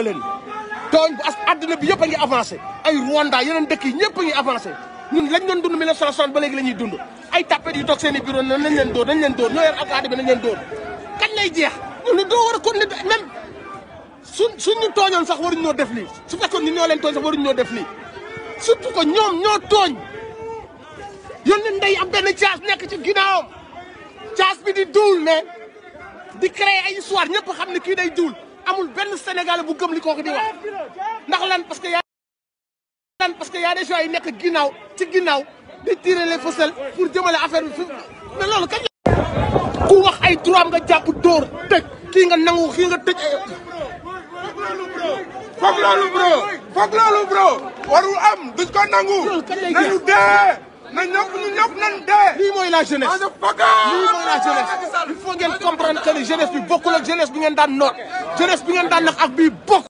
leen tooñ bu as àddina bi yëpp a ay Rwanda yeneen dëkk yi ñëpp Nun ngi avancé ñun lañ doon dund 1960 ba léegi dund ay tapet yu tok seen biro bureau nan nañ leen dóor nañ leen dóor ñoo yor alkaati bi nañ leen dóor kañ lay jeex ñun lu doo war a kon ne même su suñu tooñoon sax waruñ ñoo def lii su fekkoon ni ñoo leen tooñ sax waruñ ñoo def lii surtout que ñoom ñoo tooñ yoon leen day am benn caas nekk ci ginnaawam caas bi di duul ne di créer ay histoire ñëpp xam ne day duul amul benn Sénégalais bu gëm kooku di ndax lan parce que yaa lan parce que yaa des fois yi nekk ginnaaw ci ginnaaw di tirer les ficelles pour jëmale affaire bi fi ku wax ay droit nga jàpp dóor tëj kii nga nangu kii nga tëj ay eh, foog loolu bro foog loolu bro warul am duñ ko nangu dee na ñëpp ñu lii mooy la jeunesse. lii mooy la jeunesse il bi bokkul ak bi ngeen daan noot bi ngeen daan ak bii bokk.